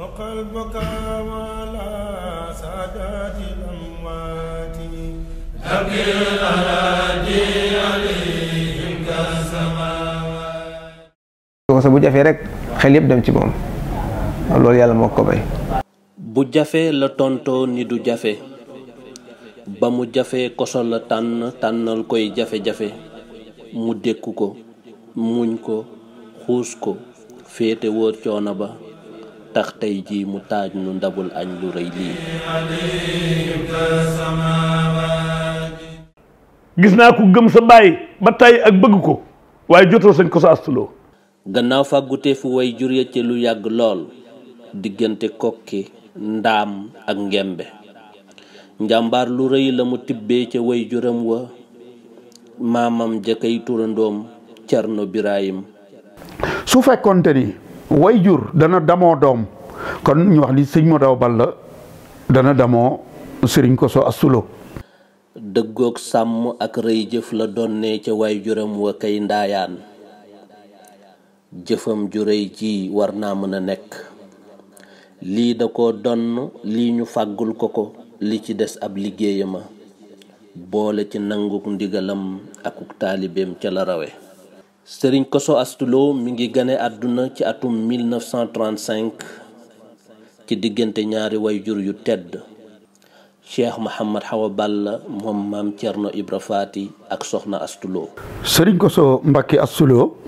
وقلبك على سادات bu jafee rekk xel yëpp dem ci moom loolu yàlla moo ko bay bu jafee la tontoo ni du jafe ba mu jafee koso la tànn tànnal koy jafe-jafe mu dékku ko muñ ko xuus ko féete wóor coono ba tax tey jii mu taaj nu ndabul añ lu rëy lii gis naa ko gëm sa baay ba tey ak bëgg ko waaye jotoo sañ ko sa astuloo gannaaw fàggutee fu way jur ya ci lu yàgg lool diggante kokki ndaam ak ngembe njàmbaar lu rëy la mu tibbee ca way juram wa maamam jakay turandoom Cerno Birahim su fekkonte ni way jur dana damoo doom kon ñu wax ni sëñ Modaw Balla dana damoo sëriñ Koso Astulo dëggoog sàmm ak rëy jëf la donne ca way juram wa kay ndaayaan jëfam ju rëy ci war naa mën a nekk lii da ko donn lii ñu fàggul ko ko li ci des ab liggéeyama boole ci nanguk ndigalam akuk taalibeem ca la rawe sëriñ Koso astuloo Lo mi ngi gane àdduna ci atum 1935 ci diggante ñaari wayjur yu tedd cheikh Mouhamad Hawa Balla moom maam Thierno Ibra Faati ak soxna astuloo sëriñ Koso Mbacké Astou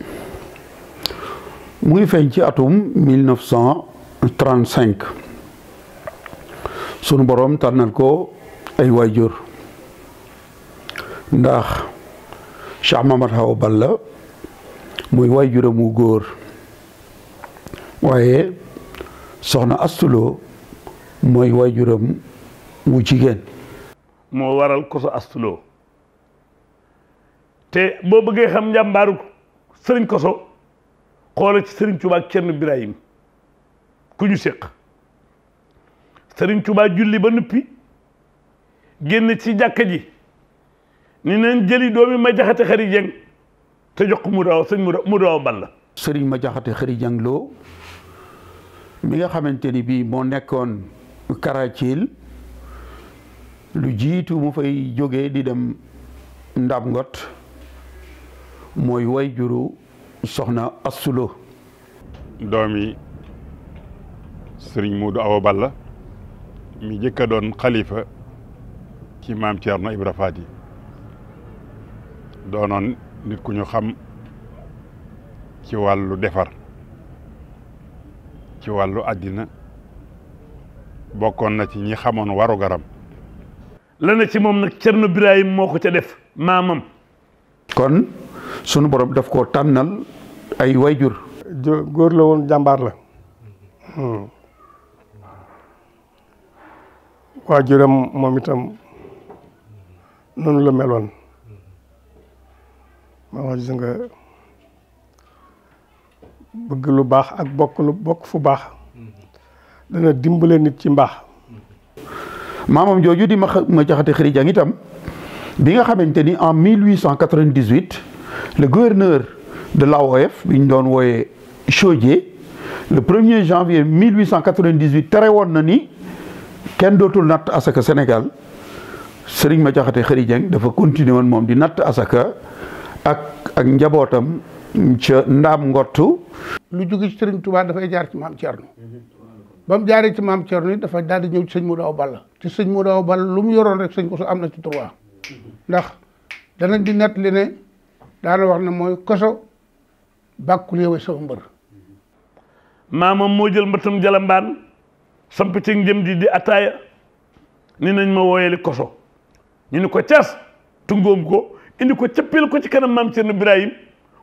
mu ngi feeñ ci atum 1935 sunu boroom tànnal ko ay wayjur ndax cheikh Mouhamad Hawa Balla. muy way juramu góor waaye soxna astuloo mooy way juróom wu jigéen moo waral koso astuloo te boo bëggee xam njàmbaaru sëriñ koso xoola ci sëriñ Tuubaa ak Cerno Birahim ku ñu séq sëriñ Tuubaa julli ba nuppi génn ci jàkka ji ni neen jëli doomi ma jaxate xari te jox mu daaw sëñ sëriñ ma jaxate xëri jang loo mi nga xamante ni bii moo nekkoon Karathil lu jiitu mu fay jóge di dem Ndam Ngot mooy way juru soxna Assulo doomi sëriñ Muudu Awa Balla mi jëkk a doon xalifa ci maam Ceerno Ibra Faati doonoon nit ku ñu xam ci wàllu defar ci wàllu àddina bokkoon na ci ñi xamoon waru garam la na ci moom nag Cerno Birahim moo ko ca def maamam kon sunu borom def koo tànnal ay wayjur góor la woon jàmbaar la hmm. waajuram moom itam noonu la meloon ma gis nga bëgg lu baax ak bokk lu bokk fu baax dana dimbalee nit ci mbaax maamam jooju di ma ma jaxate xëri jàng itam bi nga xamante ni en 1898 le da la l'AOF bi ñu doon wooyee Chaudié le 1er janvier 1898 tere woon na ni kenn dootul natt asaka Sénégal Serigne ma jaxate xëri jàng dafa continuer woon moom di natt asaka ak ak njabootam ndaam ngottu lu jóge ci sëriñ Touba dafay jaar ci maam Thierno ba mu jaaree ci maam Thierno yi dafa daal ñëw ci sëñ Modou Awa Balla te sëñ Modou Awa Balla lu mu yoroon rek sëñ Koso am na ci droit ndax danañ di nett li ne daana wax na mooy Koso bàkkul yow sama mbër maamam moo jël mbëtam jalambaan samp ci njëm ji di ataaya ni nañ ma wooyeli Koso ñu ni ko cas tungoom ko indi ko cëppil ko ci kanam maam Cerno Birahim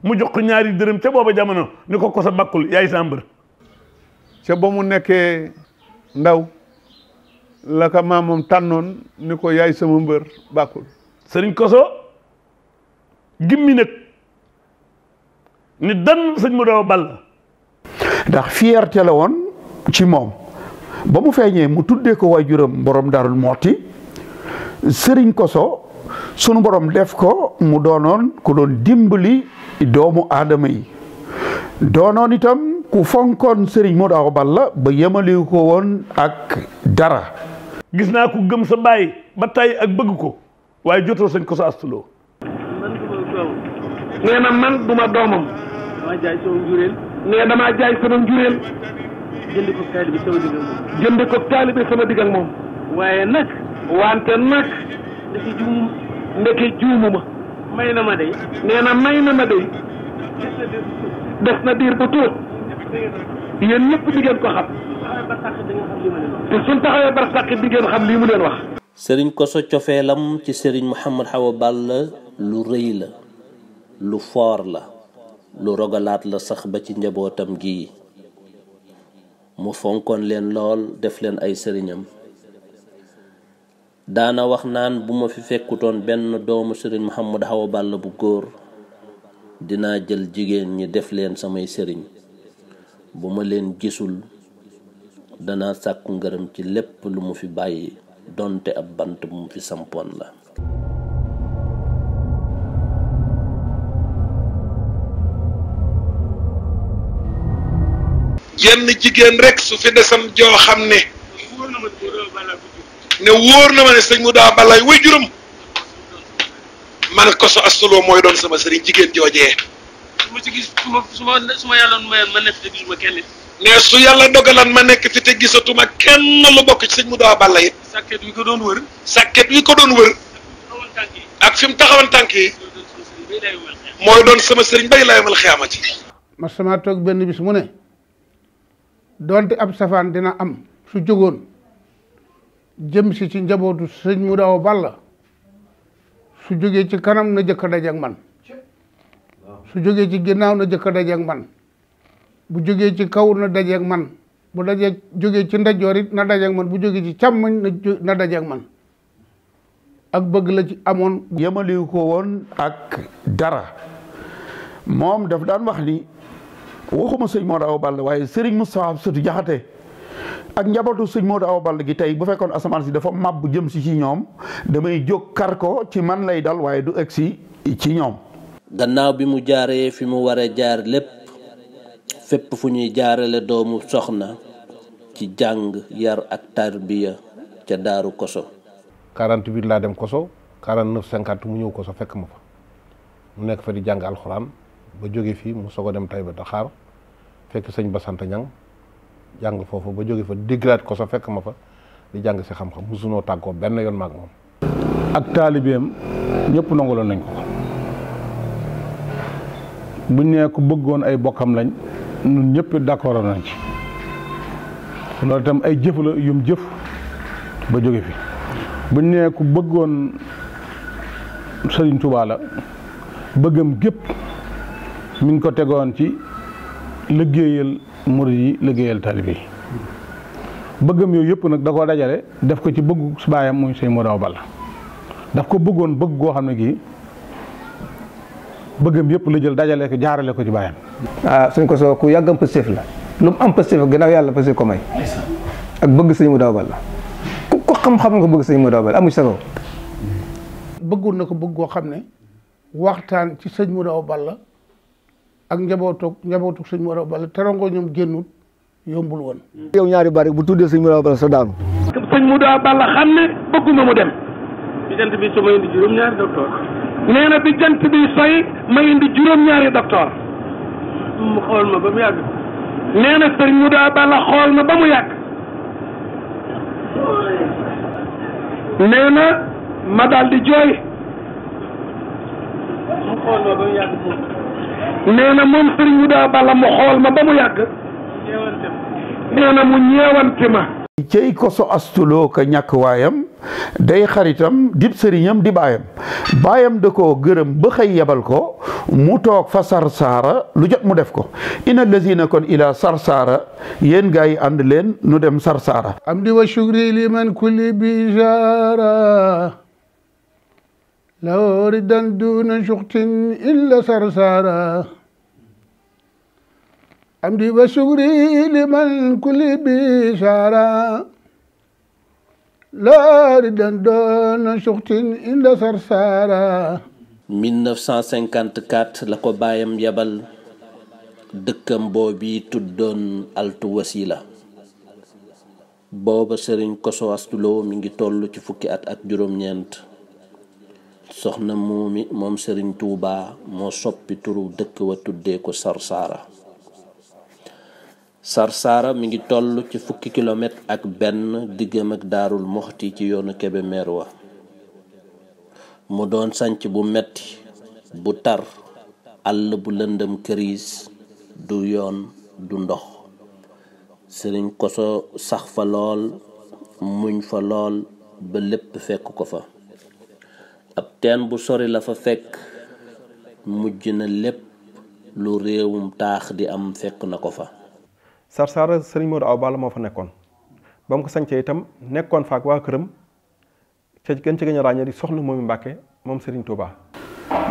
mu jox ko ñaari dërëm ca booba jamono ni ko ko sa bakkul yaay sa ca ba mu nekkee ndaw la ka tànnoon ni ko yaay sama mbër bàkkul sëriñ koso gimmi nag ni dan sëñ mu daw ball ndax fierté la woon ci moom ba mu feeñee mu tuddee ko waajuram borom darul mooti sëriñ koso sunu borom def ko mu doonoon ku doon dimbali doomu aadama yi doonoon itam ku fonkoon Serigne Modou Awa Balla ba yemaliwu ko woon ak dara. gis naa ku gëm sa baay ba tey ak bëgg ko waaye jotoo sañ ko sa astuloo. nee na man duma doomam. nee damaa jaay sama njureel. jënd ko ko taalibe sama digg moom. waaye nag. wante nag. ndeke juum ndeke may na ma day nee na may na ma day des na diir bu tuut yéen ñëpp di ko xam te suñ taxawee bar sàq di xam lii mu leen wax sëriñ Koso cofeelam ci sëriñ Mouhamed Awa Balla lu rëy la lu foor la lu rogalaat la sax ba ci njabootam gii mu fonkoon leen lool def leen ay sëriñam daana wax naan bu ma fi fekkutoon benn doomu sëriñ Mouhamadou Awa Balla bu góor dinaa jël jigéen ñi def leen samay sëriñ bu ma leen gisul danaa sàkku ngëram ci lépp lu mu fi bàyyi donte ab bant bu mu fi sampoon la jenn jigéen rekk ne ne wóor na ma ne sëñ mu daa balay way juróom man koso astuloo mooy doon sama sëriñ jigéen joojee su ma ci gis su ma su ma su ma ma nekk te gisuma kenn ne su yàlla dogalan ma nekk fi te gisatuma kenn lu bokk ci sëñ mu daa balla it sàkket wi ko doon wër sàkket wi ko doon wër ak fi mu taxawan tànk yi mooy doon sama sëriñ bay layomal xiyaama ci ma sama toog benn bis mu ne doonte ab safaan dina am su jógoon jëm si ci njabootu sëñ mu daaw balla su jógee ci kanam na jëkk daje ak man su jógee ci ginnaaw na jëkk a ak man bu jógee ci kaw na daje man bu daje jógee ci ndajoor it na daje man bu jógee ci càmmoñ na daje ak man ak bëgg la ci amoon yemaliwu ko woon ak dara moom daf daan wax ni waxuma sëñ moo daaw balla waaye sëriñ Moustapha Sëtu Jaxate ak njabootu suñ Modou Awa Balla gi tey bu fekkoon asamaan si dafa màbb jëm si ci ñoom damay jóg kar ko ci man lay dal waaye du egg si ci ñoom. gannaaw bi mu jaaree fi mu waree jaar lépp fépp fu ñuy jaarale doomu soxna ci jàng yar ak tarbiya ca daaru koso. 48 laa dem koso 49 50 mu ñëw koso fekk ma fa mu nekk fa di jàng alxuraan ba jóge fii mu soog a dem ba Daxaar fekk sëñ ba Basanta Ñang jàng foofu ba jóge fa digraat ko sa fekk ma fa di jàng si xam-xam musunoo tàggoo benn yoon maag moom ak taalibeem ñëpp nangaloon nañ ko buñ nee ku bëggoon ay bokkam lañ ñun ñëpp d'accord nañ ci loolu itam ay jëf la yum jëf ba jóge fi buñ nee bëggoon Sëriñ Tuubaa bëggam gépp mi ngi ko tegoon ci liggéeyal murid yi liggéeyal taalibe bëggam yooyu yëpp nag da koo dajale def ko ci bëggu baayam muy sëñ Modou Awa Balla daf ko bëggoon bëgg goo xam ne gii bëggam yëpp la jël dajale ko jaarale ko ci baayam. ah suñ ko soo ku yàggam positif la lu mu am positif gannaaw yàlla positif ko may. ak bëgg sëñ mu Awa Balla ku ko xam-xam nga ko bëgg sëñ Modou Awa Balla amu ci bëggoon na ko bëgg goo xam ne waxtaan ci sëñ Modou Awa Balla ak njabootu njabootu sëñ Mor Awa Balla terango ñoom génnut yombul woon. yow ñaari bari bu tuddee sëñ Mor Awa sa daanu. sëñ Mor Awa Balla xam ne bëgguma mu dem. bi bi jant bi soy may indi juróom-ñaari docteur. mu xool mu yàgg. nee na xool ma ba mu yàgg. nee ma daal di jooy. nee na moom Serigne Mouda mu xool ma ba mu yàgg nee mu ñeewanti ma cey ko so astuloo ka ñàkk waayam day xaritam dib sëriñam di baayam baayam da koo gërëm ba xëy yebal ko mu toog fa sarsaara lu jot mu def ko ina lazina kon ila sarsaara yéen gaa yi ànd leen nu dem sarsaara am di wa shukri liman kulli bi لو ردا la ko baayam yabal dëkkam boobi tuddoon altu wasila booba sëriñ Koso Astou Lo mi ngi toll ci fukki at ak juróom-ñeent soxna muumi moom sëriñ tuuba moo soppi turu dëkk wa tuddee ko sarsaara sarsaara mi ngi tollu ci fukki kilomètre ak benn diggam ak daarul moxti ci yoonu Kébémer wa mu doon sanc bu metti bu tar àll bu lëndëm këriis du yoon du ndox sëriñ koso sax fa lool muñ fa lool ba lépp fekk ko fa ab teen bu sori la fa fekk mujj na lépp lu réewum taax di am fekk na ko fa sarsaara sëriñ Modou Awa Balla moo fa nekkoon ba mu itam nekkoon faak waa këram ca gën ci gën a ràññee di Mbàkke moom sëriñ Touba.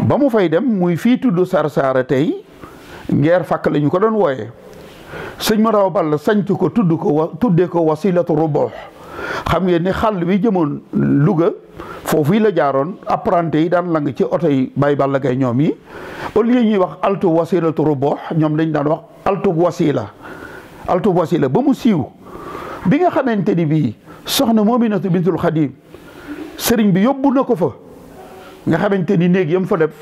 ba mu fay dem muy fii tudd sarsaara tey ngeer fàkk lañu ko doon wooye sëñ Modou Awa Balla sañc ko tudd ko wa tuddee ko wasilatu rubox xam ngeen ni wi jëmoon Louga foofu yi la jaaroon apprenti yi daan lang ci oto yi bàyyi Balla Gaye ñoom yi au lieu ñuy wax altub wasilatu ruboox ñoom dañ daan wax altub wasila altub wasila ba mu siiw bi nga xamante ni bii soxna Moominatu bintul Xadim sëriñ bi yóbbu na ko fa nga xamante ni néeg yam fa def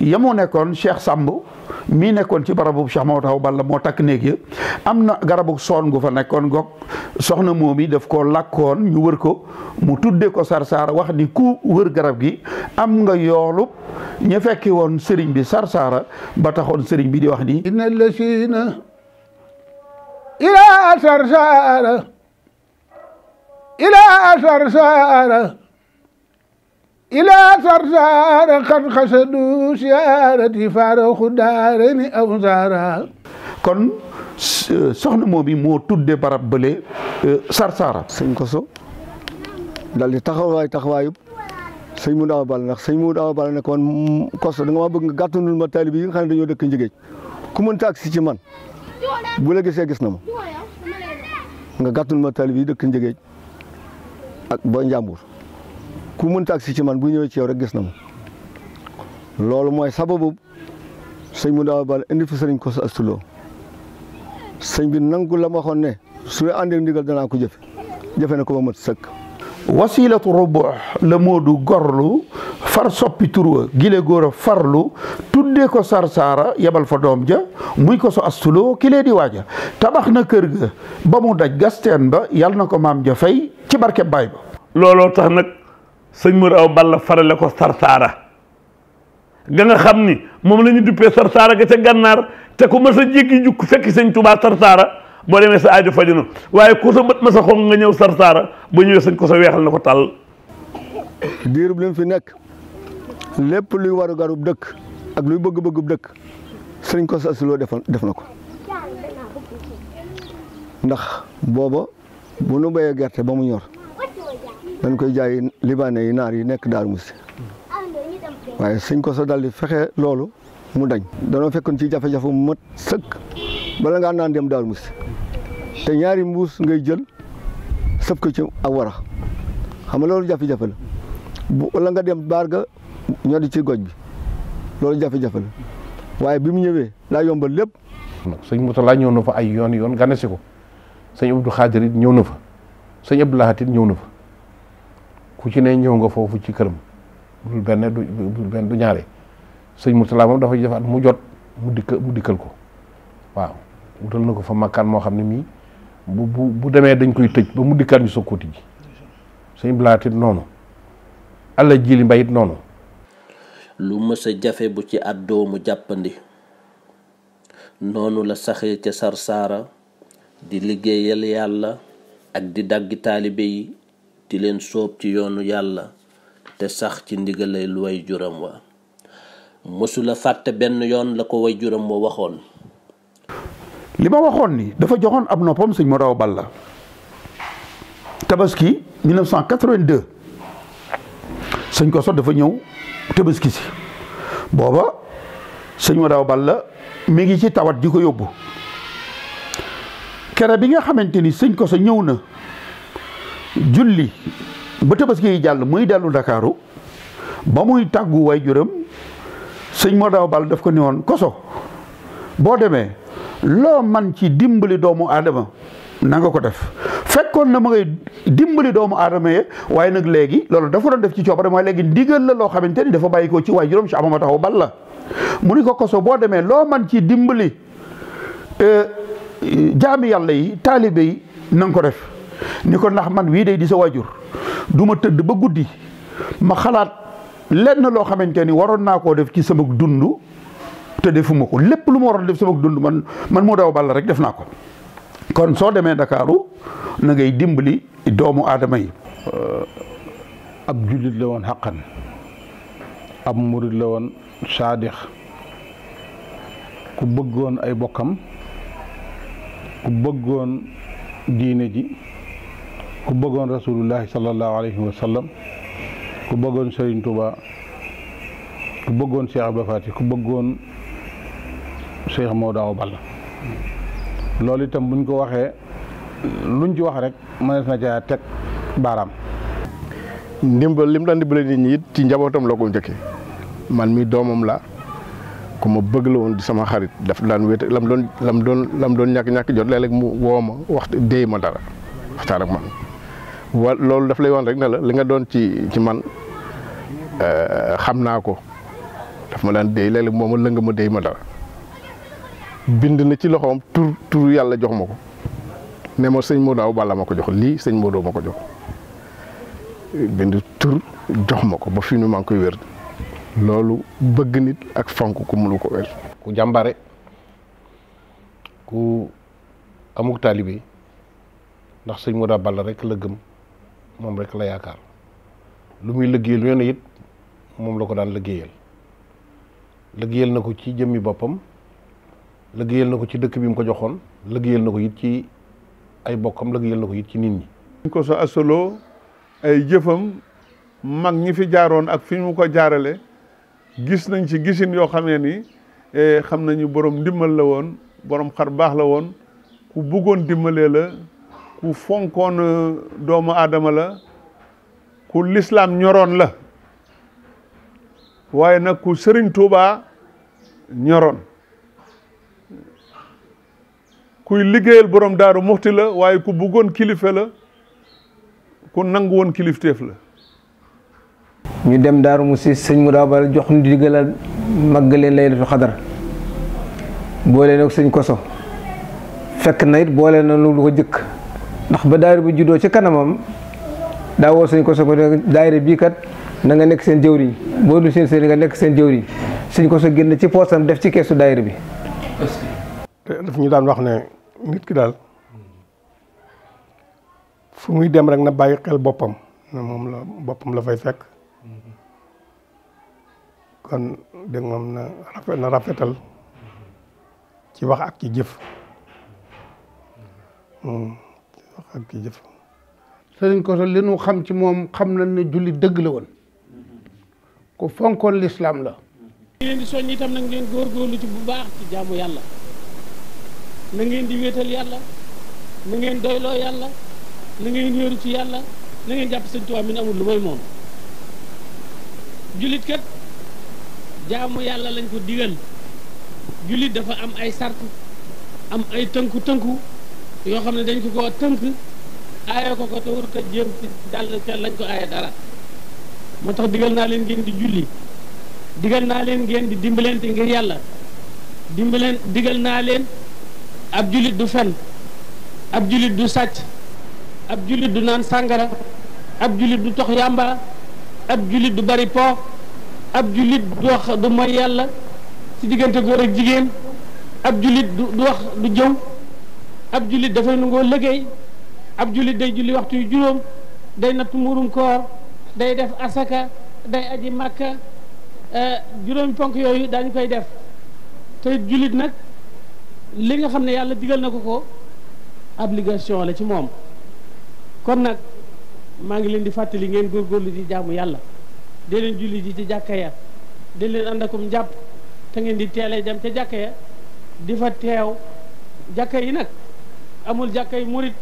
yamu nekkoon Cheikh Samb mii nekkoon ci barabu Cheikh Mamadou Awa Balla moo takk néeg ya am na garabu soon gu fa nekkoon goog soxna moom yi def koo lakkoon ñu wër ko mu tudde ko sarsaara wax ni ku wër garab gi am nga yoolu ña fekki woon sëriñ bi sarsaara ba taxoon sëriñ bi di wax ni inna lasina ila sarsaara ila sarsaara إلى ثرثار قد خسدوا سيارتي فارق دارني أو زارا kon soxna moom bi moo tudde barab bële euh, Sarsara. sëñ Koso daal di taxawaay taxawaayub sëñ Modou Awa Balla ndax sëñ mu Awa Balla ne ko mm, Koso da nga maa bëgg nga gàttandul ma taalibe yi nga xam ne dañoo dëkk Njëgéej ku ci man bu la gis na ma nga gàttandul ma taalibe yi dëkk Njëgéej ak ba ku mënta si ci man bu ñëwee ci yow rek gis na ma loolu mooy sababu sëñ mu daaw bal indi fi sëriñ Kosso Astou Lo sëñ bi nangu la ma waxoon ne su dee àndee ndigal danaa ko jëfe jëfe na ko ba mat sëkk wasilatu rubu la moodu gorlu far soppi turwa gile góor a farlu tuddee ko sarsaara yebal fa doom ja muy ko Astou astuloo ki lee di waaja tabax na kër ga ba mu daj gasteen ba yal na ko maam ja fay ci barke baay ba looloo tax nag sëñ Mor Awa Balla farale ko sarsaara ga nga xam ni moom la ñu duppee sarsaara ga ca gànnaar te ku mas a jéggi jukk fekki sëñ Tuubaa sarsaara boo demee sa aajo fajunu waaye ku sa bët ma sa xong nga ñëw sarsaara ba ñëwee sëñ ko sa weexal na ko tàll diirub lim fi nekk lépp luy waru garub dëkk ak luy bëgg-bëggub dëkk sëñ ko sa asuloo def def na ko ndax booba bu nu bayee gerte ba mu ñor dañ koy jaay libanais yi naar yi nekk Darou Mousty waaye sëñ so daal di fexe loolu mu dañ danoo fekkoon ci jafe-jafe mu mat sëkk bala ngaa naan dem Darou Mousty te ñaari mbuus ngay jël sëb ko ci ak warax xam nga loolu jafe-jafe la bu wala nga dem baar ga ñodi ci goj bi loolu jafe-jafe la waaye bi mu ñëwee daa yombal lépp. sëñ Moutalla ñëw na fa ay yoon yoon ganesi ko sëñ Abdou Khadir it ñëw na fa sëñ Abdou Lahat it ñëw na fa. ku ci ne ñëw nga foofu ci këram dul benn du benn sëñ Mourtala moom dafa defaat mu jot mu dikkal ko waaw wutal na ko fa makkaan moo xam ne mii bu bu bu demee dañ koy tëj ba mu dikkaat ñu sokkooti ji sëñ Blaat noonu alla jili mbay it noonu lu mës jafe bu ci àddoo mu jàppandi noonu la saxee ca sarsaara di liggéeyal yàlla ak di dagg taalibe yi ti leen soob ci yoonu yàlla te sax ci ndigalay lu way juram wa mësula fàtte benn yoon la ko way juram wa waxoon li ma waxoon ni dafa joxoon ab noppam sëñ ma daw balla tabaski 1982 sëñ ko sot dafa ñëw tabaski si booba sëñ ma daw balla mi ngi ci tawat ji ko yóbbu kere bi nga xamante ni sëñ ko sa ñëw na julli ba tabaski yi jàll muy dellu ndakaaru ba muy tàggu way juram sëñ moo daw bal daf ko ni woon koso boo demee loo man ci dimbali doomu aadama na ko def fekkoon na ma doomu aadama waaye nag léegi loolu dafa def ci coobare mooy léegi ndigal la loo xamante ni dafa bàyyi ci waay juróom si amama taxaw bal la mu ni ko koso boo demee loo man ci dimbali euh, jaami yàlla yi taalibe yi na ko def ni ko ndax man wii day di sa waajur du ma tëdd ba guddi ma xalaat lenn loo xamante ni waroon naa koo def ci sama dund te defuma ko lépp lu ma waroon def sama dund man man moo daw balla rek def naa ko kon soo demee ndakaaru nangay dimbali doomu aadama yi euh, ab jullit la woon xaqan ab murit la woon saadix ku bëggoon ay bokkam ku bëggoon diine ji ku bëggoon rasulullahi sallallahu alayhi wa ku bëggoon Serigne Touba ku bëggoon Cheikh Abdou Fati ku bëggoon Cheikh Maodo Awa Balla loolu itam buñ ko waxee lu luñ ci wax rek mënees na caa teg baaraam. ndimbal lim daan dimbale nit ñi it ci njabootam la ko njëkkee man mii doomam la ku ma bëgg la woon di sama xarit daf daan wéet lam doon lam doon lam doon ñàkk ñàkk jot léeg-léeg mu woo ma wax déy ma dara waxtaan ak man. wa loolu daf lay woon rek ne la li nga doon ci ci man euh, xam naa ko daf ma daan déy léeg-léeg moom lënga ma déy ma dara bind na ci loxoom tur tur yàlla jox ma ko ne ma sëñ Modou Awa Balla ma ko jox lii sëñ Modou ma ko jox bind tur ma ko ba fi nu maa ngi loolu bëgg nit ak fonk ku mënu ko wér ku jàmbare ku amuk taalibe ndax sëñ Modou Awa Balla rek la gëm moom rek la yaakaar lu muy liggéeyal yoon it moom la ko daan liggéeyal liggéeyal na ko ci jëmmi boppam liggéeyal na ko ci dëkk bi mu ko joxoon liggéeyal na ko it ci ay bokkam liggéeyal na ko it ci nit ñi. ñu ko so asaloo ay jëfam mag ñi fi jaaroon ak fi mu ko jaarale gis nañ ci gisin yoo xamee ni e, xam nañu boroom ndimbal la woon boroom xar baax la woon ku bëggoon dimbalee la. ku fonkoon euh, doomu aadama la ku lislaam ñoroon la waaye nag ku sëriñ Tuuba ñoroon kuy liggéeyal borom daaru muxti la waaye ku bëggoon kilife la ku nangu woon kilifteef la ñu dem daaru mu si sëñ mu daabal jox ñu diggalal màggaleen laylatul xadar boole nag sëñ koso fekk na boole na lu ko jëkk ndax ba daayira bu juddoo ci kanamam daa woo sëñ Kosso ko daayira bii kat na nga nekk seen jëwriñ boo dul seen sëriñ nga nekk seen jëwriñ sëñ Kosso génn ci poosam def ci keesu daayira bi. daf ñu daan wax ne nit ki daal fu muy dem rek na bàyyi xel boppam ne moom la boppam la fay fekk kon dégg moom na rafet na rafetal ci wax ak ci jëf. Hmm. wax ak ki jëf sëriñ li nu xam ci moom xam nañ ne julli dëgg la woon ku fonkoon lislaam la li leen di soññ itam na ngeen góorgóorlu ci bu baax ci jaamu yàlla na ngeen di wéetal yàlla na ngeen doyloo yàlla na ngeen wéeru ci yàlla na ngeen jàpp sëñ Tuubaa mi amul lu may moom jullit kat jaamu yàlla lañ ko digal jullit dafa am ay sart am ay tënku-tënku yoo xam ne dañ ko koo tënk aaya ko ko te warut a jéem ci dàll lañ ko aaya dara moo tax digal naa leen ngeen di julli digal naa leen ngeen di dimbalante ngir yàlla dimbaleen digal naa leen ab jullit du fen ab jullit du sàcc ab jullit du naan sàngara ab jullit du tox yàmba ab jullit du bari po ab jullit du wax du moy yàlla ci diggante góor ak jigéen ab jullit du wax du jëw ab jullit dafay nangoo liggéey ab jullit day julli waxtu yu juróom day natt muurum koor day def asaka day aji màkka e, juróomi ponk yooyu daañu koy def te jullit nag li nga xam ne yàlla digal na ko ko obligation la ci moom kon nag maa ngi leen di fàttali ngeen góorgóorlu di jaamu yàlla de leen julli ji ci jàkka ya dee leen ànd akum njàpp te ngeen di teelee dem ca jàkka ya di fa teew jàkka yi nag amul jàkkay murit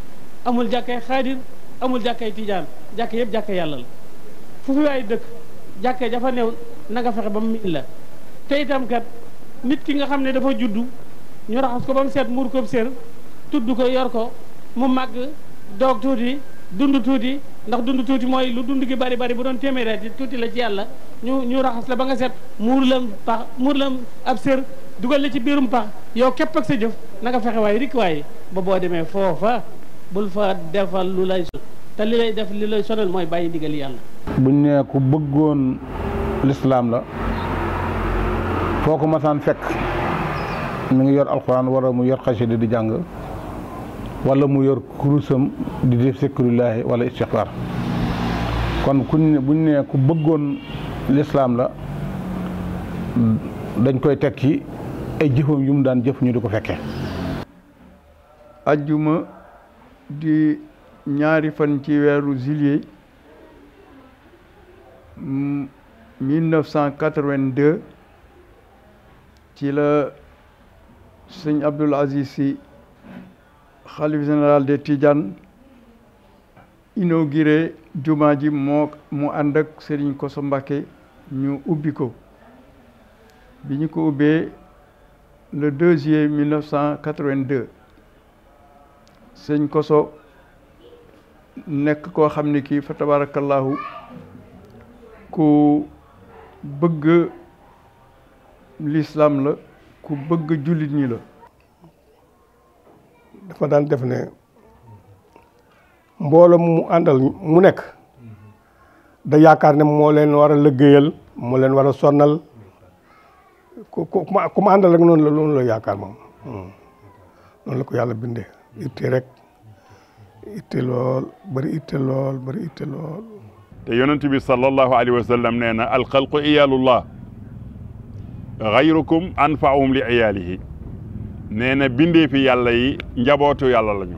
amul jàkkay xaadir amul jàkkay tiijaan jàkk yëpp jàkk yàlla la fu fi waay dëkk jàkka jafa new nanga fexe ba mu miin la te itam kat nit ki nga xam ne dafa juddu ñu raxas ko ba mu seet muur ko sér tudd ko yor ko mu màgg doog tuuti dund tuuti ndax dund tuuti mooy lu dund gi bari bari bu doon téeméeri tuuti la ci yàlla ñu ñu raxas la ba nga set muur la muur lam ab sér dugal la ci biirum pax yow képp ak sa jëf na nga fexe waaye rikk ba boo demee foofa bul fa defal lu lay te li lay def li lay sonal mooy bàyyi ndigal yàlla. buñ ne ku bëggoon lislaam la foo masaan fekk mi ngi yor alxuraan wala mu yor xasida di jàng wala mu yor kurusam di def wala istixfaar kon kuñ ne buñ ku bëggoon lislaam la dañ koy teg ci ay jëfam yu mu daan jëf ñu di ko fekkee. ajjuma di ñaari fan ci weeru juillet 1982 ci la sëñ Abdoul Aziz Sy xalif général de Tidiane inauguré juma ji moo mu ànd ak Serigne Kosso Mbacké ñu ubbi ko bi ñu ko ubbee le 2 juillet 1982 sëñ Koso nekk koo xam ni kii fa tabaarakallaahu ku bëgg lislaam la ku bëgg jullit ñi la dafa daan def ne mbooloo mu àndal mu nekk da yaakaar ne moo leen war a lëggéeyal moo leen war a sonnal ku ku ma àndal rek noonu la loolu la yaakaar moom hmm. noonu la ko yàlla bindee itte rek itte lool bari itte lool bari itte lool te yonent bi sallallahu alayhi wa sallam nee na alxalqu iyaalullah xayrukum anfaahum li iyaalihi nee na bindee fi yàlla yi njabootu yàlla lañu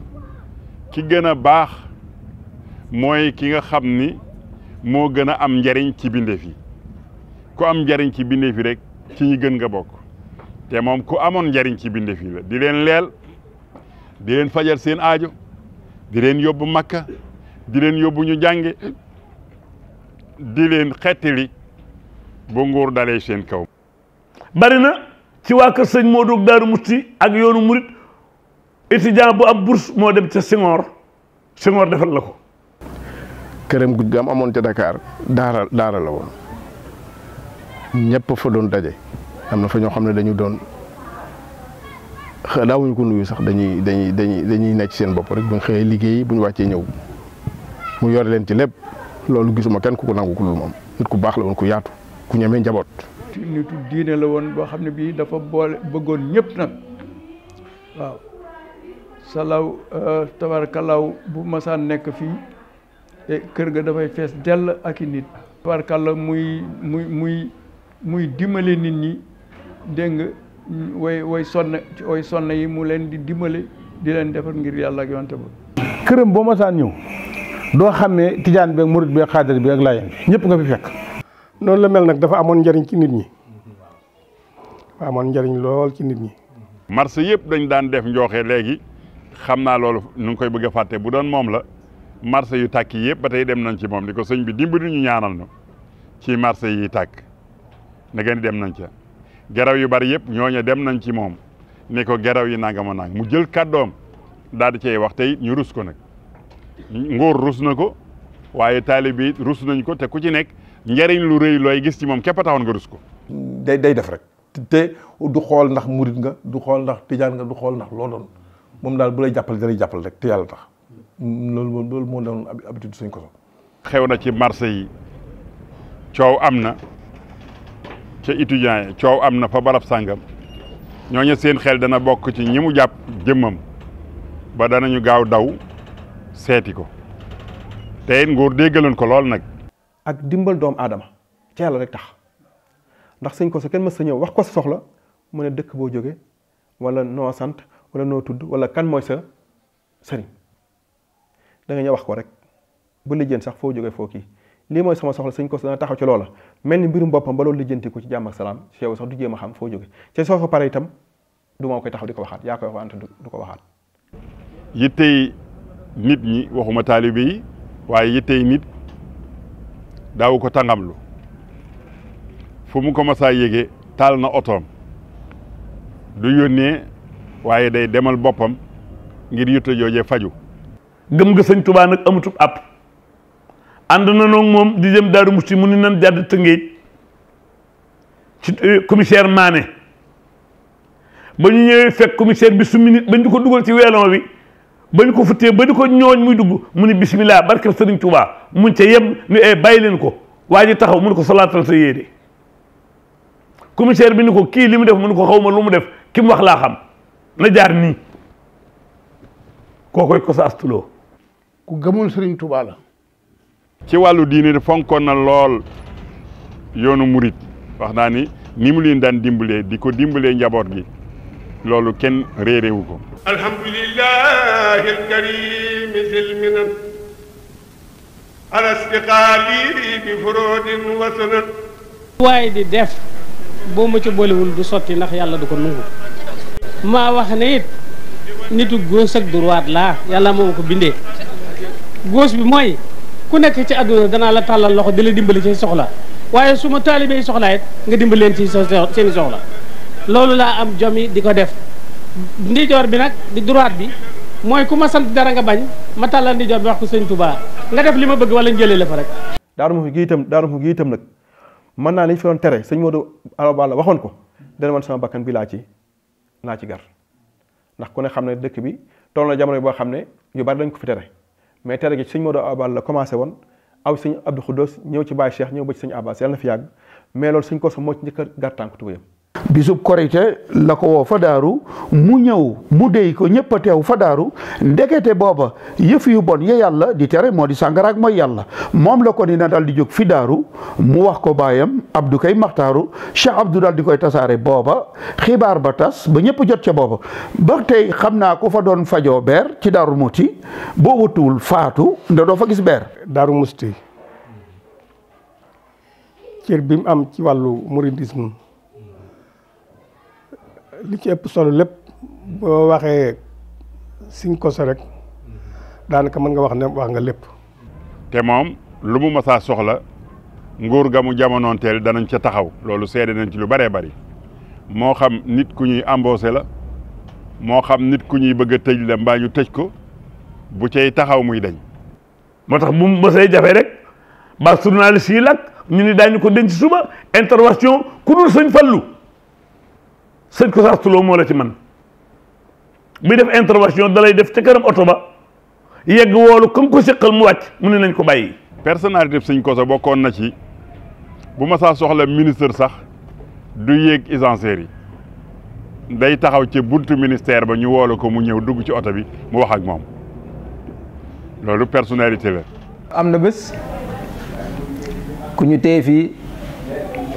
ki gën a baax mooy ki nga xam ni moo gën a am njariñ ci bindeef yi ku am njariñ ci bindeef yi rek ci ñi gën nga bokk te moom ku amoon njariñ ci bindeef yi la di leen leel di leen fajal seen aajo di yóbbu makka di yóbbu ñu jànge di leen xettali ba nguur dalee seen kaw. bari na ci waa kër sëñ Modou Daaru Musti ak yoonu murit étudiant bu am bourse moo dem ca Senghor Senghor defal la ko. këram guddi am amoon ca Dakar daara daara la woon ñëpp fa doon daje am na fa ñoo xam ne dañu doon. daawuñu ko nuyu sax dañuy dañuy dañuy dañuy nekk seen bopp rek buñ xëyee liggéey bu ñu wàccee ñëw mu yor leen ci lépp loolu gisuma kenn ku ko nangu ku dul moom nit ku baax la woon ku yaatu ku ñemee njaboot. diine la woon boo xam ne bii dafa boole bëggoon ñëpp nag waaw salaw euh, bu masaan nekk fii eh, kër ga dafay fees dell ak i nit. muy muy muy muy dimbale nit ñi dégg nga way way sonn way sonn yi mu leen di dimbale di leen defar ngir yàlla ak yonte ba këram boo masaan ñëw doo xam ne tijaan bi ak murit bi ak xaadir bi ak laay ñëpp nga fi fekk noonu la mel nag dafa amoon njariñ ci nit ñi dafa amoon njariñ lool ci nit ñi marché yëpp dañ daan def njooxee léegi xam naa loolu nu koy bëgg a fàtte bu doon moom la marché yu tàkk yëpp ba tey dem nañ ci moom di ko sëñ bi dimbali ñu ñaanal na ci marché yi tàkk na gën dem nañ ca geraw yu bari yëpp ñooñu dem nañ ci moom ni ko geraw yi nangam a nang mu jël kàddoom daal di cay wax tey ñu rus ko nag nguur rus na ko waaye taalib yi rus nañ ko te ku ci nekk njariñ lu rëy looy gis ci moom képp a taxoon nga rus ko. day day def rek te du xool ndax murit nga du xool ndax tijaan nga du xool ndax loo moom daal bu lay jàppale dalay jàppal rek te yàlla tax loolu loolu moo doon habitude suñ ko xew na ci marché yi coow am na. ca étudiants yi coow am na fa barab sàngam ñooñu seen xel dana bokk ci ñi mu jàpp jëmmam ba ñu gaaw daw seeti ko te it nguur déggaloon ko lool nag. ak dimbal doomu aadama ci yàlla rek tax ndax sëñ ko sa kenn ma sa ñëw wax ko sa soxla mu ne dëkk boo jóge walla noo sant walla noo tudd wala kan mooy sa sëriñ da nga ñëw wax ko rek ba jën sax foo jóge foo kii. lii mooy sama soxla sëñ ko dana taxaw ci loola mel ni mbirum boppam ba loolu lijjanti ko ci jàmm ak salaam yow sax du jéem a xam foo jóge te soo fa pare itam du ma koy taxaw di ko waxaat yaa koy wax wante du nit ñi waxuma taalibe yi waaye yittey nit daawu ko tàngamlu fu mu ko masaa yéege taal na otoom du yónnee waaye day demal boppam ngir yitte joojee faju gëm nga sëñ Tuubaa nag amutub ànd na noog moom di jëm Daaru Musti mu ni nan jàdd Tëngéej ci euh, commissaire Mané ba ñu ñëwee fekk commissaire bi su minute ba ñu ko dugal ci weelon wi ba ñu ko futtee ba di ko ñooñ muy dugg mu ni bismillah barke Sëriñ Tuubaa mun ca yem ni e bàyyi leen ko waa ji taxaw mu ne ko solaatal sa yéede commissaire bi ni ko kii li mu def mu ko xaw ma lu mu def ki mu wax laa xam na jaar nii kookoy ko sa astuloo ku gëmul Sëriñ Tuubaa la ci wàllu diine fonkoon na lool yoonu murit wax naa ni ni mu leen daan dimbalee di ko dimbalee njaboot gi loolu kenn réeréwu ko alhamdulillahi alkarim zil minan ala istiqaali bi furodin wa waaye di def boo ma ca boolewul du sotti ndax yàlla du ko nungu maa wax ne it nitu góos ak droite laa yàlla moo ma ko bindee góos bi mooy ku nekk ci àdduna danaa la tàllal loxo di la dimbali ci soxla waaye su ma taalibee soxlaa it nga dimbali leen ci seen i soxla loolu laa am jomi di ko def ndijoor bi nag di droite bi mooy ku ma sant dara nga bañ ma tàllal ndijoor bi wax ko sëñ Touba nga def li ma bëgg walla njëlee la fa rek daaru ma gi itam daaru ma gi nag mën naa lañ fi doon tere sëñ Modou Arobala waxoon ko dana man sama bakkan bi laa ci laa ci gar ndax ku ne xam ne dëkk bi toll na jamono boo xam ne yu bari dañ ko fi tere mais tere gi ci sëñ Modou Abal la commencé woon aw sëñ Abdou Khoudos ñëw ci Baye Cheikh ñëw ba ci sëñ Abbas yàlla na fi yàgg mais loolu sëñ Kosso moo ci njëkk a gàttànk tubayam bisub korite la ko woo fa daaru mu ñëw mu déy ko ñëpp a teew fa daaru ndekete booba yëf yu bon ya yàlla di tere moo di sàngara ak mooy yàlla moom la ko ni na dal di jóg fi daaru mu wax ko baayam abdou koy maxtaaru cheikh abdou dal di koy tasaare booba xibaar ba tas ba ñëpp jot ca booba ba tey xam naa ku fa doon fajoo beer ci daaru muti boo wutuwul faatu nda doo fa gis beer daaru musti cër bi mu am ci wàllu mouridisme li ci ëpp solo lépp boo waxee siñ ko so rek daanaka mën nga wax ne wax nga lépp. te moom lu mu masaa soxla nguur ga mu jamonoonteel danañ ca taxaw loolu seede nañ ci lu bëree bari moo xam nit ku ñuy embauché la moo xam nit ku ñuy bëgg a tëj la mbaa ñu tëj ko bu cay taxaw muy dañ. moo tax bu mësee jafe rek ba journaliste yi làkk ñu ni daañu ko denc suba intervention ku dul sëñ Fallu sëñ ko saastuloo moo la ci man muy def intervention dalay def ca këram oto ba yegg woolu comme ko séqal mu wàcc mu ne nañ ko bàyyi personnalité bi sëñ Koso bokkoon na ci bu ma saa soxla ministre sax du yéeg agenceurs yi day taxaw ci buntu ministère ba ñu woolu ko mu ñëw dugg ci oto bi mu wax ak moom loolu personnalité la am na bés ku ñu téye fii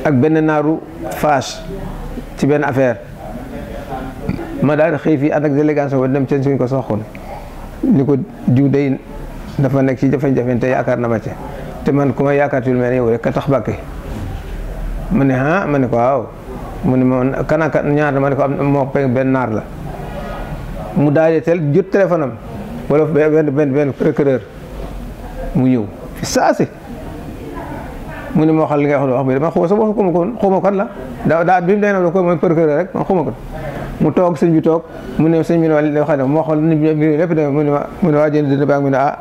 ak benn naaru fâche ci benn affaire ma daal di xëy fii ànd ak délégation ba dem ca ni ko diw day dafa nekk ci jafe-jafe te yaakaar na ma ci te man ku ma yaakaar ci lu mel ne rek ka tax bàkke mu ne ah ma ne ko waaw mu ne man kanaka ñaata ma ne ko am moo benn naar la mu daal di tel jot téléphone am wala benn benn benn procureur mu ñëw fi saasi mu moo xam li nga wax wax bi dama xuma sa bopp xuma ko xuma la daa daa bi mu dee na mooy procureur rek man xuma ko mu toog sëñ bi toog mu ne sëñ bi ne wax ne moo ne ma mu ne waa jënd dina baax mu ne ah,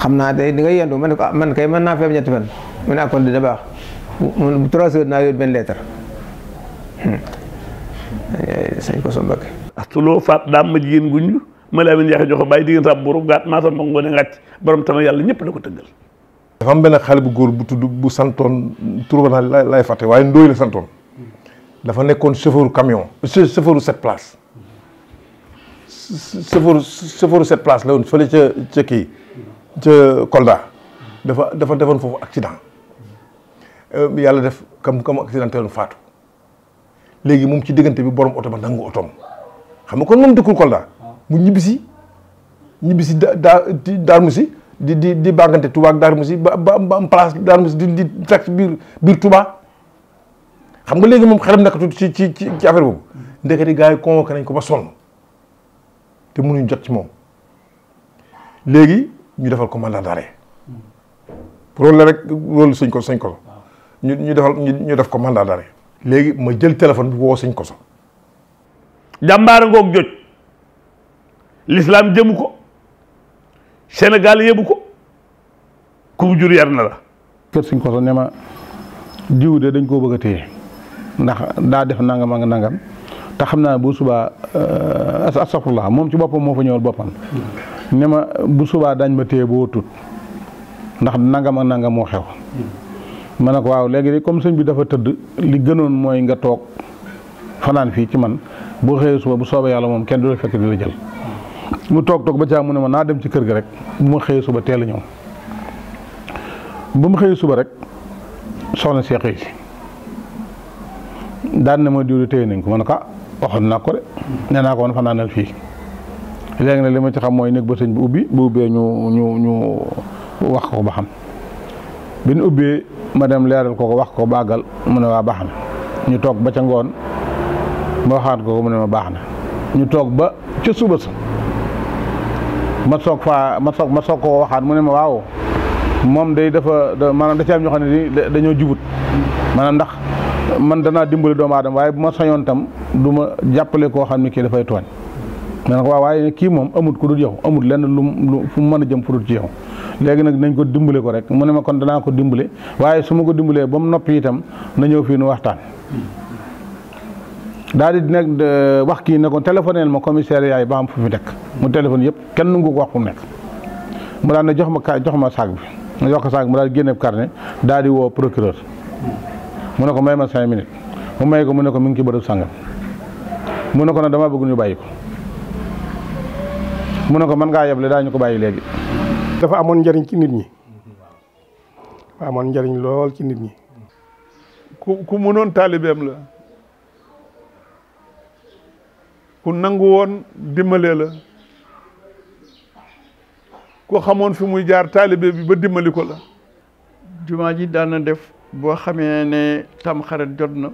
xam naa day di nga yendu man ko ah, man kay mën naa feeb ñetti fan mu ne akkoon ah, baax mu trois heures naa yóot hmm. ko so Mbakke astuloo faat daam ma jigéen guñu ma laa meen yaaxe joxo bàyyi diggéen rab buru gaat maa son ma ngoone yàlla ñëpp la ko tëggal dafa am benn xale bu góor bu tudd bu santoon turbanaa lay fàtte waaye ndóoy la santoon dafa nekkoon chauffeur camion chauffeur sept places chauffeur chauffeur sept places la woon fële ca ca kii ca Kolda dafa dafa defoon foofu accident euh, yàlla def kam kam accidenté woon faatu léegi moom ci diggante bi borom oto ba nangu otoom xam nga kon moom dëkkul Kolda mu ñibbisi ñibbisi da daa daar mu si di di di bàggante Touba ak daar mu si ba ba am place daar mu si di di tax biir biir Touba xam nga léegi moom xelam nekkatul ci ci ci ci affaire boobu ndekete gars yi convoqué nañ ko ba sol te mënuñ jot ci moom léegi ñu defal ko mandat d'arrêt loolu la rek loolu sëñ ko sëñ ko ñu ñu defal ñu def ko mandat léegi ma jël téléphone bi woo sëñ koso jàmbaara ngoog joj lislaam jëm ko senegal yëbu ko ku mu jur yar na la kër sëñ koso ne ma diw de dañ koo bëgg a téye ndax daa def nangam ak nangam te xam naa bu subaa euh, astafurlah moom ci boppam moo fa ñëwal boppam ne ma bu subaa dañ ma téye boo ndax nangam ak nangam moo xew ma ne ko waaw léegi de comme sëñ bi dafa tëdd li gënoon mooy nga toog fanaan fii ci man boo xëyee suba bu soobee yàlla moom kenn du la fekk di la jël mu toog toog ba caa mu ne ma naa dem ci kër gi rek bu ma xëyee suba teel a ñëw bu ma xëyee suba rek soxna Seex yi daan na ma diwlu téye nañ ko ma ne ko ah naa ko de nee naa ko woon fanaanal fii léegi nag li ma ci xam mooy nekk ba sëñ bi ubbi bu ubbee ñu ñu ñu wax ko ba xam bi ñu ubbee ma dem leeral ko ko wax ko bàggal mu ne waa baax na ñu toog ba ca ngoon ma ko mu ne baax na ñu toog ba ca suba sa ma soog faa ma soog ma soog koo waxaat mu ne ma waaw moom day dafa maanaam da ci am ñoo ne dañoo jubut maanaam ndax man danaa dimbali doomu aadama waaye bu ma sañoon tam du ma jàppale koo xam ne kii dafay tooñ. ma ko waaw waaye kii moom amut ku dul yow amut lenn lu lu fu mu mën a jëm fu dul ci yow léegi nag nañ ko dimbale ko rek mu ne ma kon danaa ko dimbale waaye su ma ko dimbalee ba mu noppi itam na ñëw fii waxtaan. daal di nag wax kii ne ko téléphoneel ma commissaire yaay ba am fu fi nekk mu téléphone yëpp kenn nangu ko wax fu mu nekk mu daal ne jox ma ka jox ma saag bi ma jox ko saag mu daal di génne carnet daal di woo procureur. mu ne ko may ma cinq minutes mu may ko mu ne ko mi ngi ci bërëb sàngam mu ne ko nag dama bëgg ñu bàyyi ko mu ne ko mën ngaa yeble daañu ko bàyyi léegi. dafa amoon njariñ ci nit ñi dafa amoon njëriñ lool ci nit ñi. ku ku mënoon taalibeem la ku nangu woon dimbale la ku xamoon fi muy jaar taalibee bi ba dimbali ko la. jumaa ji daan def. boo xamee ne tamxarit jot na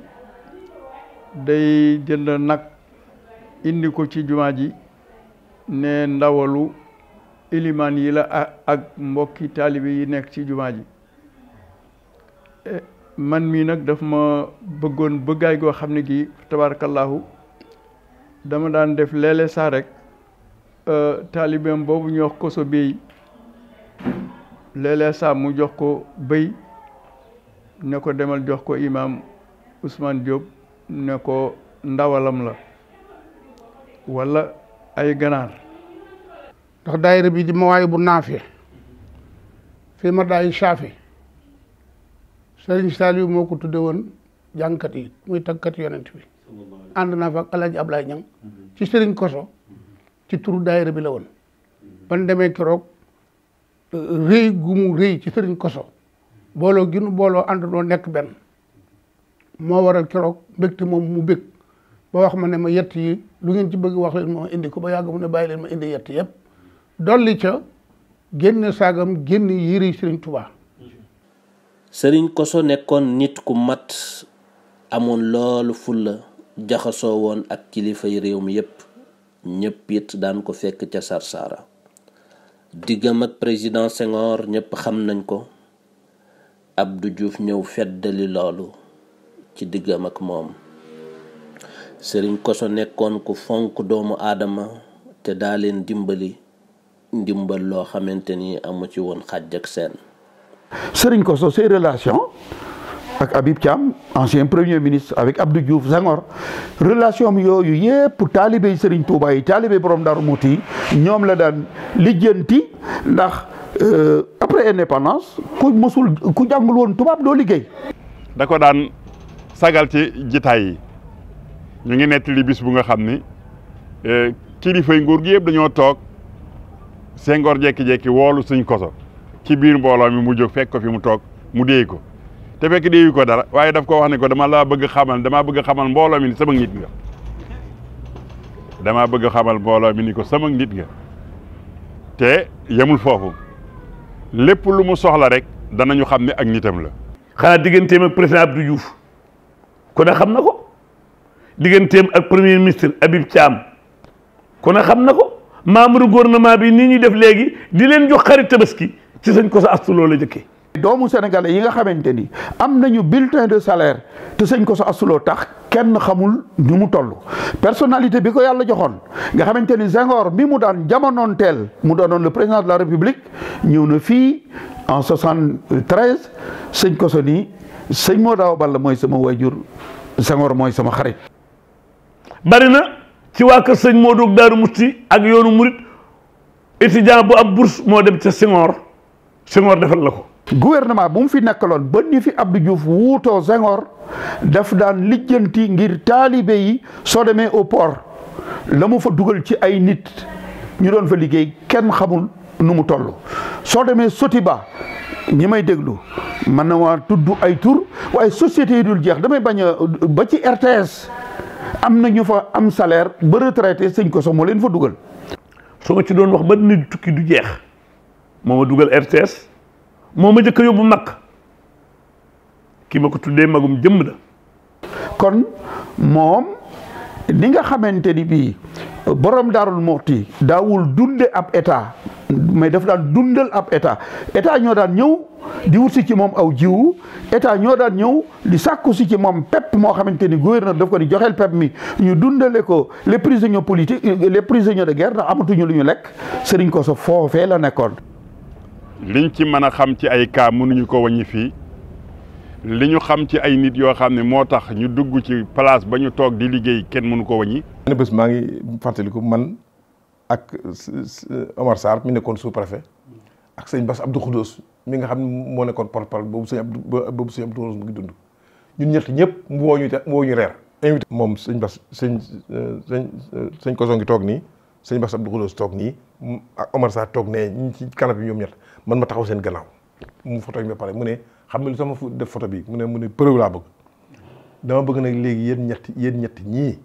day jënd nag indi ko ci jumaa ji ne ndawalu ilimaan yi la ak mbokki taalibe yi nekk ci jumaa ji e, man mii nag dafa ma bëggoon bëggaay goo xam ne gi tabaarakallaahu dama daan def léeg-léeg saa rek e, taalibeem boobu ñu wax ko sa béy léeg mu jox ko béy ne ko demal jox ko imaam Ousmane Diop ne ko ndawalam la wala ay ganaar ndax daayira bi di ma waaye bu naafi fii ma daay saafi Serigne Saliou moo ko tudde woon jàngkat yi muy tagkat yonent bi ànd naa fa ak Alaaji Ñang ci Serigne Koso ci tur daayira bi la woon ban demee keroog rëy gu mu rëy ci Serigne Koso booloo gi booloo àndandoo nekk benn moo waral keroog mbégte moom mu bég ba wax ma ne ma yett yi lu ngeen ci bëgg wax leen moo indi ko ba yàgg mu ne bàyyi leen ma indi yett yëpp dolli ca génne saagam génn yére Sëriñ Tuubaa Sëriñ Koso nekkoon nit ku mat amoon loolu fulla jaxasoo woon ak kilifay réew mi yépp ñëpp it daan ko fekk ca Sarsara diggam ak président Senghor ñëpp xam nañ ko Abdou Diouf ñëw feddali loolu ci diggam ak moom sëriñ Koso nekkoon ku fonk doomu aadama te daa leen dimbali ndimbal loo xamante ni amu ci woon xàjj ak seen. sëriñ Koso ses relations ak Habib Thiam ancien premier ministre avec Abdou Diouf Senghor relation yooyu yépp taalibe sëriñ Touba yi taalibe borom Darou Mouti ñoom la daan lijjanti ndax. Euh, après indépendance ku mësul ku jàngul woon tubaab doo liggéey. da ko daan sagal ci jitaay yi ñu ngi nettali bis bu nga xam ni euh, kilifay nguur gi yëpp dañoo toog Senghor jekki-jekki woolu suñ koso ci biir mbooloo mu jóg fekk ko fi mu toog mu déey ko te fekk déeyu ko dara waaye daf ko wax ne ko dama laa bëgg xamal damaa bëgg xamal mbooloo mi ni sama nit nga damaa bëgg xamal mbooloo mi ni ko sama nit nga te yemul foofu lépp lu mu soxla rek danañu xam ne ak nitam la. xanaa digganteem ak président Abdou Diouf ku ne xam na ko digganteem ak premier ministre Habib Thiam kon ne xam na ko membre gouvernement bi nii ñuy def léegi di leen jox xarit tabaski ci sëñ ko sa astu loola jëkkee. doomu sénégalais yi nga xamante ni am nañu bulletin de salaire te sëñ ko sa asuloo tax kenn xamul ñu mu toll personnalité bi ko yàlla joxoon nga xamante ni Senghor mi mu daan jamonoon mu doonoon le président de la ñëw na fii en 73 sëñ ko sa nii sëñ moo daaw balla mooy sama wayjur Senghor mooy sama xarit bari na ci waa kër sëñ moo doog daaru musti ak yoonu murit étudiant bu am bourse moo dem ca Senghor Senghor defal la ko gouvernement bu mu fi nekkaloon ba ñu fi ab Abdou Diouf wuutoo Senghor daf daan lijjanti ngir taalibe yi soo demee au port la mu fa dugal ci ay nit ñu doon fa liggéey kenn xamul nu mu toll soo demee soti ba ñi may déglu mën na waa tudd ay tur waaye sociétés yi dul jeex damay bañ a ba ci RTS am na ñu fa am salaire ba retraité sëñ ko sax moo leen fa dugal. soo nga ci doon wax ba nit tukki du jeex moo ma dugal RTS. moom ma njëkk a yóbbu mag ki ma ko tuddee magum jëmm la kon moom ni nga xamante ni bii borom daarul moxti daawul dunde ab état mais daf daan dundal ab état état ñoo daan ñëw di wut ci moom aw jiwu état ñoo daan ñëw di sàkku si ci moom pepp moo xamante ni gouverneur daf ko di joxeel pepp mi ñu dundale ko les prisonniers politiques les prisonniers de guerre ndax amatuñu lu ñu lekk sëriñ ko sa foofee la nekkoon liñ ci mën a xam ci ay cas mënuñu ko waññi fii li ñu xam ci ay nit yoo xam ne moo tax ñu dugg ci place ba ñu toog di liggéey kenn mënu ko waññi. benn bés maa ngi fàttaliku man ak Omar Sarr nekkoon sous-préfet ak sëñ Bass Abdou mi nga xam ne moo nekkoon porte-parole boobu sëñ Abdou boobu mu ngi dund ñun ñett ñëpp mu woo ñu mu reer. invité moom sëñ Bass sëñ sëñ sëñ Koso ngi toog nii sëñ Bass Abdou Khoudous toog nii ak Omar Sarr toog nee ñu ci kanam ñoom ñett. man ma taxaw seen gannaaw mu photo yi ba pare mu ne xam nga lu sama def foto bi mu ne mu ne preuve laa bëgg dama bëgg nag léegi yéen ñetti yéen ñetti ñii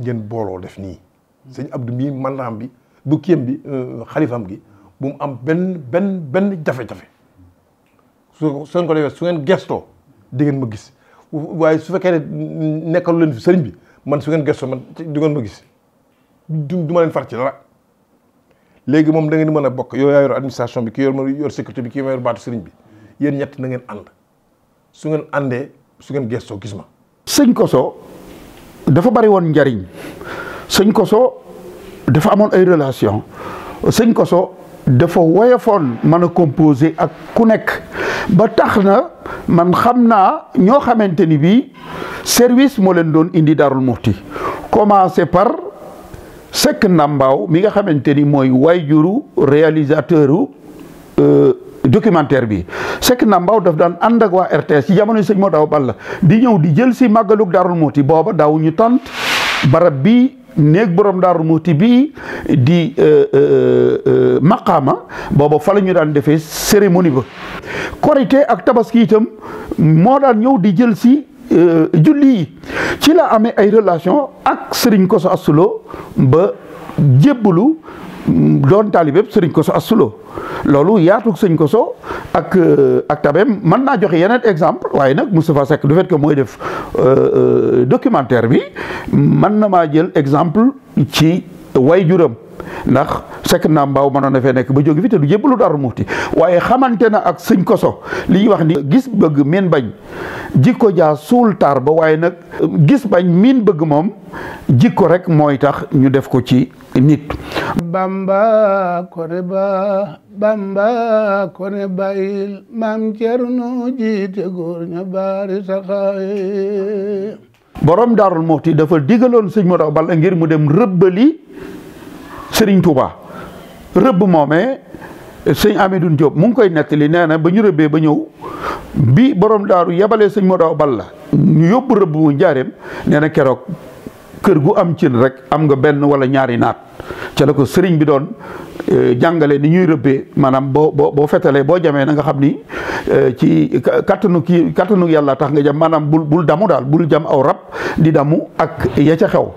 ngeen booloo def nii sëñ Abdou mii am bi bu kiyam bi euh, xalifam gi bu mu am benn benn benn jafe-jafe su seen ko defee su ngeen gestoo di ngeen ma gis waaye su fekkee ne nekkalu leen fi sëriñ bi man su ngeen gestoo man di ngeen ma gis du ma leen far ci la léegi moom da ngeen mën a bokk yow yaa yor administration bi ki yor ma yor sécurité bi baatu sëriñ bi yéen ñett nangeen ngeen ànd su ngeen àndee su ngeen gestoo gis ma. sëñ Koso dafa bari woon njariñ sëñ Koso dafa amoon ay relation sëñ Koso dafa woyofoon mën a composé ak ku nekk ba tax na man xam naa ñoo xamante ni bii service moo leen doon indi Darou Mouhty commencé par. Seck Ndambaaw mi nga xamante ni mooy way waajuru réalisateur euh, documentaire bi Seck Ndambaaw daf daan ànd ak waa RTS ci jamono sëñ moo daaw balla di ñëw di jël si màggalug Daarul Muuti booba daaw ñu tant barab bi néeg borom Daarul Muuti bi di euh, euh, maqaama booba fa la ñu daan defee cérémonie ba korité ak tabaski itam moo daan ñëw di jël si Euh, julli yi ci la amee ay relation ak Serigne Kosso Astou Lo ba jébbalu mm, doon taalibe Serigne Kosso Astou Lo loolu yaatug Serigne koso ak euh, ak tabeem mën naa joxe yeneen exemple waaye nag Moustapha Seck du fait que mooy def euh, documentaire bi mën na maa jël exemple ci way juram ndax sekk naa mbaaw ma na fee nekk ba jóge fi te du jébbalu Daaru Muxti waaye xamante na ak sëñ ko so li ñuy wax ni gis bëgg miin bañ jikko jaa suul taar ba waaye nag gis bañ miin bëgg moom jikko rek mooy tax ñu def ko ci nit bamba kone kone bayil maam cerno jiite góor ña baari saxaay borom daarul muxti dafa digaloon sëñ moo tax bala ngir mu dem rëbbali Serigne Touba rëbb moomee sëñ Amidou Diop mu ngi koy nettali nee na ba ñu rëbbee ba ñëw bi borom daaru yebalee sëñ Modou Balla ñu yóbbu rëbb mu njaareem nee na keroog. kër gu am cin rek am nga benn wala ñaari naat ca la ko sëriñ bi doon eh, jàngale ni ñuy rëbbee maanaam boo boo boo fetalee boo jamee na nga xam ni eh, ci kattanu kii kattanu yàlla tax nga jam maanaam bul bul damu daal bul jam aw rab di damu ak ya ca xew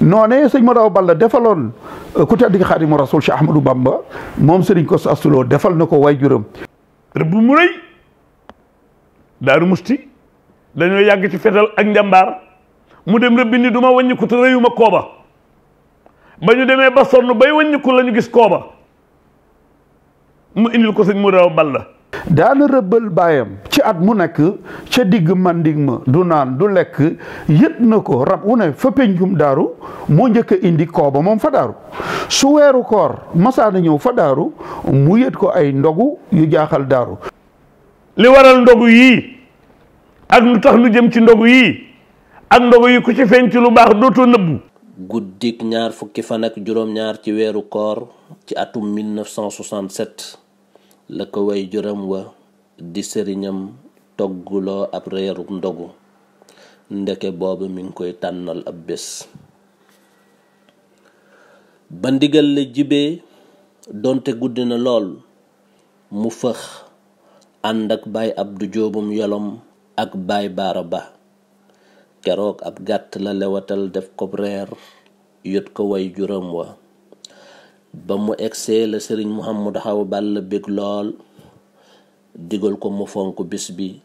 noonee sëñ ma daw balla defaloon eh, ku tedd ki xaadimu rasul Cheikh Ahmadou Bamba moom sëriñ ko sa defal na ko way juram rëbb mu rëy daaru musti dañoo yàgg ci fetal ak njàmbaar mu dem rëbbi ni du ma wàññiku te rëyuma kooba ba ñu demee ba sonn bay wàññiku la gis kooba mu indil ko sëñ mu raw bal la daana rëbbal baayam ci at mu nekk ca digg mandig ma du naan du lekk yët na ko rab wu ne fa pencum daaru moo njëkk a indi kooba moom fa daaru su weeru koor masaana ñëw fa daaru mu yët ko ay ndogu yu jaaxal daaru li waral ndogu yii ak lu tax lu jëm ci ndogu yii ak ndogu yi ku ci feeñ ci lu baax dootoo nëbbu. guddik ñaar fukki fan juróom-ñaar ci weeru koor ci atum 1967 la ko way juram wa di sëriñam togguloo ab reeru ndogu ndeke boobu mi ngi koy tànnal ab bés. ba ndigal la jibee donte guddi na lool mu fëx ànd ak baay Abdu Joobum yolom ak baay Baara keroog ab gàtt la lewatal def ko reer yot ko woy juróom wa ba mu egsee la sëriñ mu mu Muhammad Awa la bég lool digal ko mu fonk bis bi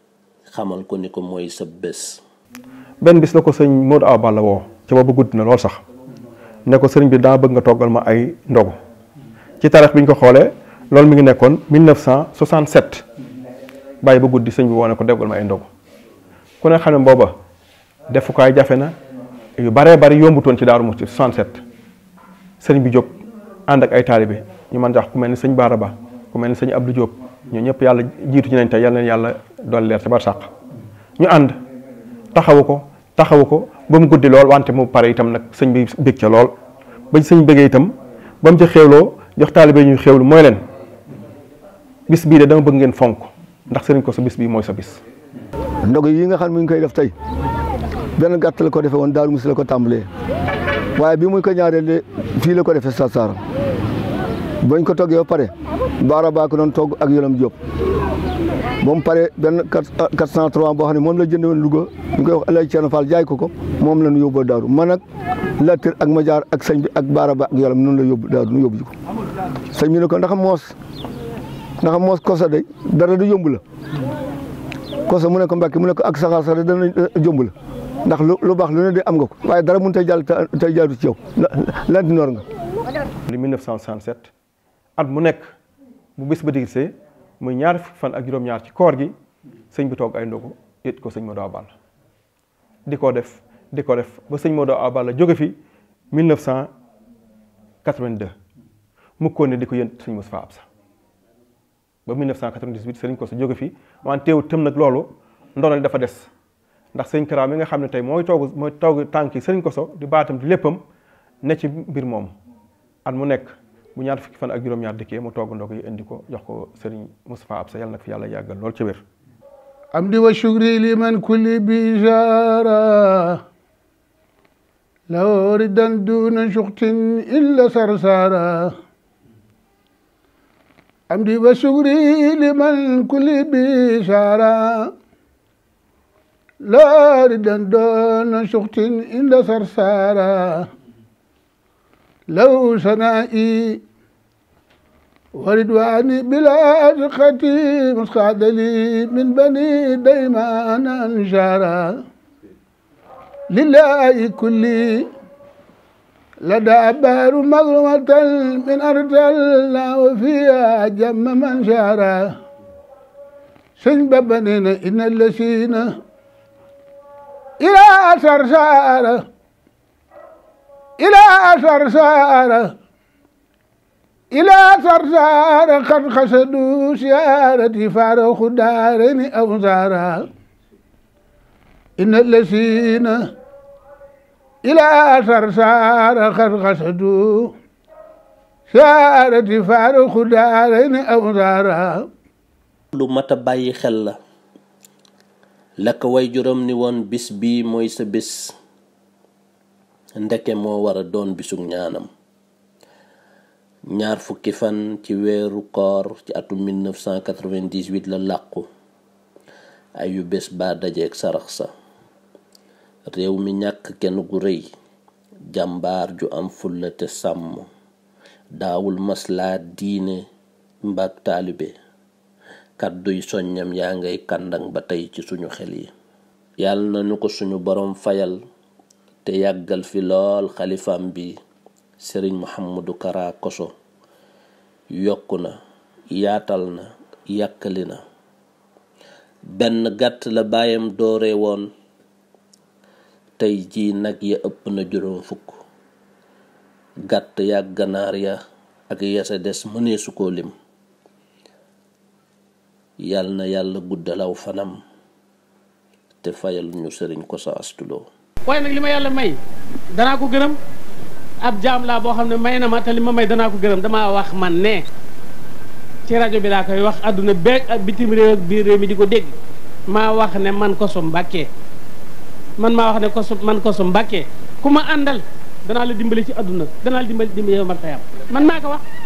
xamal ko ni ko mooy sa bés benn bis la ko sëñ Modou Awa Balla woo ci boobu guddi na lool sax ne sëriñ bi daa bëgg nga toggal ma ay ndogu ci taarix bi ñu ko xoolee loolu mi ngi nekkoon 1967 bàyyi ba guddi sëñ bi woo ne ko déggal ma ay ndogu ku ne xam ne defukaay jafe na yu baree bari yombutoon ci Daaru Muxti 67 sëñ bi jóg ànd ak ay taalibe ñu man tax ku mel ni sëñ Baara Ba ku mel ni sëñ ab Abdou Diop ñoo ñëpp yàlla jiitu ñu nañ tey yàlla na yàlla dool leer ci bar sàq ñu ànd taxawu ko taxawu ko ba mu guddi lool wante mu pare itam nag sëñ bi bég ca lool ba sëñ bëggee itam ba mu ci xéewloo jox taalibe ñuy xéewlu mooy leen bis bii de dama bëgg ngeen fonk ndax sëriñ ko sa bis bii mooy sa bis ndog yi nga xam mu ngi koy def tey benn gàtt la ko defee woon Daaru Musi la ko tàmbalee waaye bi muy ko ñaareel fii la ko defee Sarsara bañ ko toggee ba pare baara baa ko doon togg ak yolam Diop ba mu pare benn ah, quatre cent trois boo xam ne moom la jënd woon Louga ñu koy wax jaay ko ko moom la ñu yóbbu Daaru man ak ak Majaar ak sëñ ak baara ba ak yolam noonu la yóbbu Daaru ñu yóbbu ko sëñ bi ne ko ndax moos ndax moos kosa dara du yomb la mu ne ko mu ne ak saxaar sax dana eh, jomb ndax lu lu baax lu ne de am nga ko waaye dara mun tey jàll tey jaaru ci yow lanti noor nga. at mu nekk bu bés ba digisee muy ñaar fan ak juróom-ñaar ci koor gi sëñ bi toog ay ndogu yët ko sëñ Modou Abal di ko def di ko def ba sëñ Modou Abal jóge fi 1982 mu ko ne di ko yënt sëñ Moustapha Absa ba 1998 sëriñ ko sa jóge fi wante teewul tam nag loolu ndono li dafa des. ndax sëñ Kara mi nga xam ne tey mooy toogu mooy toogu tànk yi sëriñ Koso di baatam di léppam ne ci mbir moom at mu nekk mu ñaar fukki fan ak juróom-ñaar dikkee mu togg ndox yi indi ko jox ko sëriñ Moustapha Absa yàlla nag fi yàlla yàggal lool ci wér amdi wa shukri liman kulli bi jaara لاردا دون شخط عند سرسارا لو سنائي وردواني بلا أرقتي مسقعد لي من بني ديمان أنشارا لله كلي لدى بار مظلمة من أرض الله وفيها جم منشارا سن ببنين إن الذين إلى سرسارة إلى سرسارة إلى سرسارة قد خسدوا سيارتي فارخ دارين أو زارا إن الذين إلى سرسارة قد خسدوا سيارتي فارخ دارين أو زارا lu mat a bàyyi xel la la way juróom ni woon bis bii mooy sa bis ndeke moo war a doon bisug ñaanam ñaar fukki fan ci weeru koor ci atum 1998 la làqu yu bés ba dajeeg sarax sa réew mi ñàkk kenn gu rëy jàmbaar ju am fulla te sàmm daawul maslaa diine mbaag taalibe kàdduy soññam yaa ngay kàndan ba tey ci suñu xel yi yàlla na ñu ko suñu boroom fayal te yàggal fi lool xalifam bi sëriñ Mouhamadou Kara Koso yokk na yaatal na yàkkali na benn gàtt la baayam doore woon tey jii nag ya ëpp na juróom fukk gàtt ya ganaar ya ak ya sa des mëneesu koo lim yàll na yàlla guddalaw fanam te fayal ñu sëriñ ko sa waaye nag li ma yàlla may danaa ko gërëm ab jaam laa boo xam ne may na ma te li ma may danaa ko gërëm damaa wax man ne ci rajo bi laa koy wax àdduna beeg ak bitim réew ak biir réew mi di ko dégg maa wax ne man Kosso Mbacké man maa wax ne Kosso man Kosso Mbacké ku ma àndal danaa la dimbali ci àdduna danaa la dimbali dimbali yow man man maa ko wax